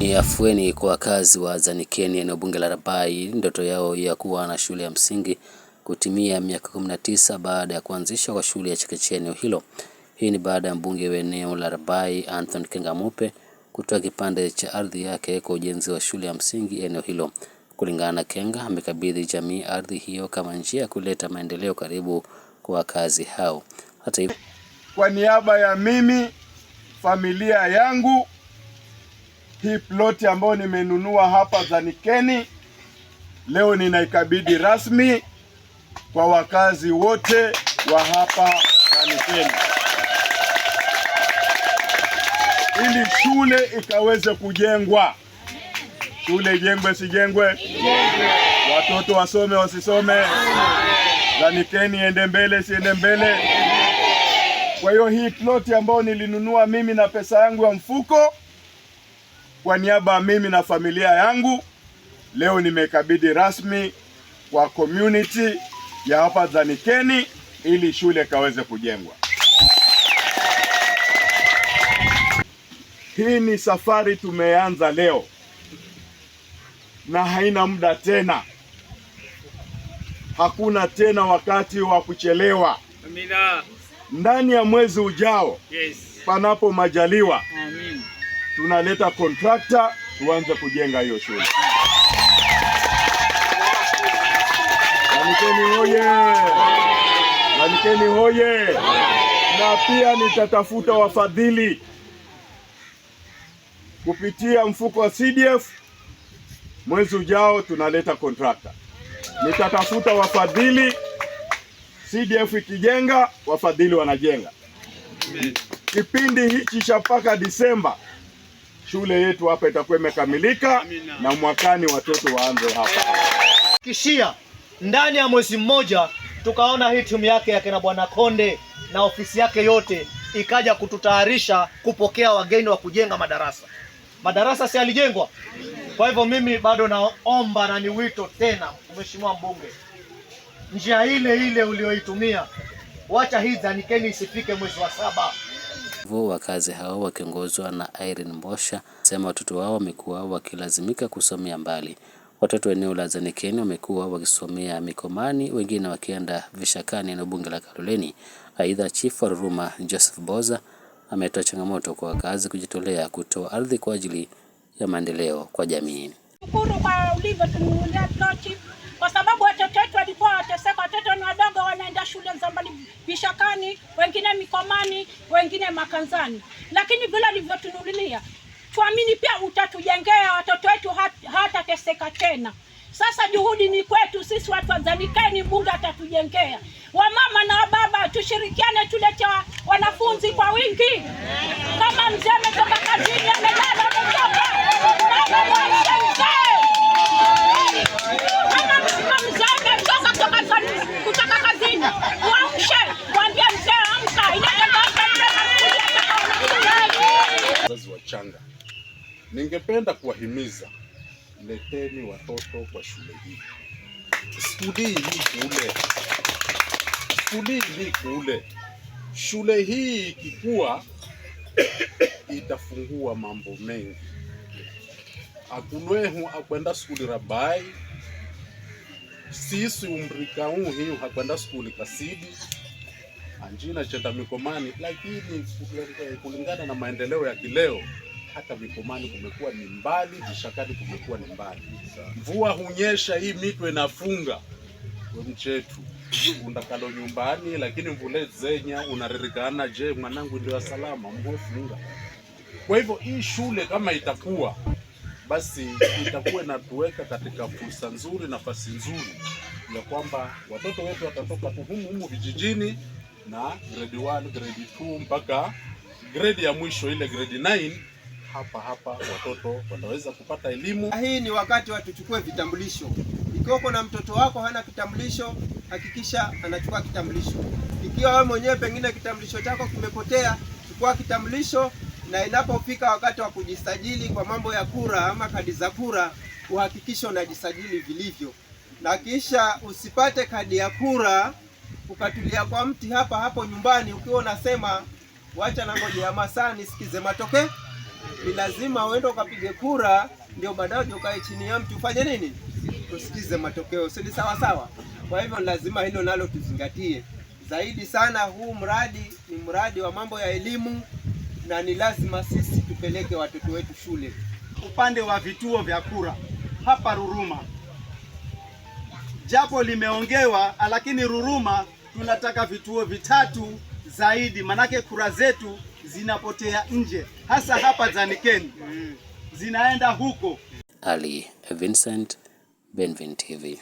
ni Afueni kwa wakazi wa Zanikeni eneo bunge la Rabai ndoto yao ya kuwa na shule ya msingi kutimia miaka 19 baada ya kuanzishwa kwa shule ya chekechea eneo hilo. Hii ni baada ya mbunge wa eneo la Rabai Anthony Kengamupe kutoa kipande cha ardhi yake kwa ujenzi wa shule ya msingi eneo hilo. Kulingana na Kenga, amekabidhi jamii ardhi hiyo kama njia ya kuleta maendeleo karibu kwa wakazi hao. Hata hivyo, kwa niaba ya mimi, familia yangu hii ploti ambayo nimenunua hapa Zanikeni leo ninaikabidhi rasmi kwa wakazi wote wa hapa Zanikeni ili shule ikaweze kujengwa. Shule ijengwe sijengwe, watoto wasome wasisome, Zanikeni ende mbele siende mbele. Kwa hiyo hii ploti ambayo nilinunua mimi na pesa yangu ya mfuko kwa niaba ya mimi na familia yangu, leo nimekabidhi rasmi kwa community ya hapa zanikeni ili shule kaweze kujengwa. Hii ni safari tumeanza leo na haina muda tena. Hakuna tena wakati wa kuchelewa. Amina. Ndani ya mwezi ujao, yes. Panapo majaliwa. Amina tunaleta kontrakta tuanze kujenga hiyo shule. Lanikeni hoye! Lanikeni hoye! Na pia nitatafuta wafadhili kupitia mfuko wa CDF. Mwezi ujao tunaleta kontrakta, nitatafuta wafadhili. CDF ikijenga, wafadhili wanajenga. Kipindi hichi cha mpaka Disemba shule yetu hapa itakuwa imekamilika na mwakani watoto waanze hapa kishia. Ndani ya mwezi mmoja tukaona hii timu yake yakina Bwana Konde na ofisi yake yote ikaja kututayarisha kupokea wageni wa kujenga madarasa. Madarasa si yalijengwa? Kwa hivyo mimi bado naomba na ni wito tena, mheshimiwa mbunge, njia ile ile uliyoitumia wacha hii zanikeni isifike mwezi wa saba hivyo wakazi hao wakiongozwa na Irene Mbosha sema watoto wao wamekuwa wakilazimika kusomea mbali. Watoto eneo la Zanikeni wamekuwa wakisomea Mikomani, wengine wakienda Vishakani na bunge la Kaloleni. Aidha, chifu wa Ruruma Joseph Boza ametoa changamoto kwa wakazi kujitolea kutoa ardhi kwa ajili ya maendeleo kwa jamii. wamekuja shule za mbali Vishakani, wengine Mikomani, wengine Makanzani, lakini vile alivyotunulia tuamini pia utatujengea watoto wetu hat, hatateseka tena. Sasa juhudi ni kwetu sisi watu Zanikeni, Mungu atatujengea. Wamama na wababa tushirikiane, tulete wanafunzi kwa wingi. Kama mzee ametoka kazini wachanga. Ningependa kuwahimiza, leteni watoto kwa shule hii. Skuli hii kule, skuli hii kule, shule hii ikikuwa itafungua mambo mengi Akunwehu akwenda skuli rabai sisi umrikau hiu hakwenda skuli kasidi Anjina chenda mikomani, lakini kulingana na maendeleo ya kileo hata mikomani kumekuwa ni mbali, vishakani kumekuwa ni mbali. Mvua hunyesha, hii mito inafunga mchetu undakalo nyumbani, lakini mvule zenya unaririkana. Je, mwanangu, ndio salama, mvua funga. Kwa hivyo hii shule kama itakuwa basi itakuwa inatuweka katika fursa nzuri, nafasi nzuri ya kwamba watoto wetu watatoka tu humu humu vijijini na grade 1, grade 2 mpaka grade ya mwisho ile grade 9 hapa hapa watoto wataweza kupata elimu. Ah, hii ni wakati watu chukue vitambulisho. Ikiwa uko na mtoto wako hana kitambulisho, hakikisha anachukua kitambulisho. Ikiwa wewe mwenyewe pengine kitambulisho chako kimepotea, chukua kitambulisho, na inapofika wakati wa kujisajili kwa mambo ya kura ama kadi za kura, uhakikisho unajisajili vilivyo, na kisha usipate kadi ya kura ukatulia kwa mti hapa hapo nyumbani, ukiwa unasema wacha na ya masaa nisikize matokeo, ni lazima uende ukapige kura, ndio baadaye ukae chini ya mti ufanye nini, tusikize matokeo, si ni sawa sawa? Kwa hivyo lazima hilo nalo tuzingatie zaidi sana. Huu mradi ni mradi wa mambo ya elimu na ni lazima sisi tupeleke watoto wetu shule. Upande wa vituo vya kura hapa Ruruma, japo limeongewa, lakini Ruruma tunataka vituo vitatu zaidi, manake kura zetu zinapotea nje, hasa hapa Zanikeni mm. zinaenda huko. Ali Vincent, Benvin TV.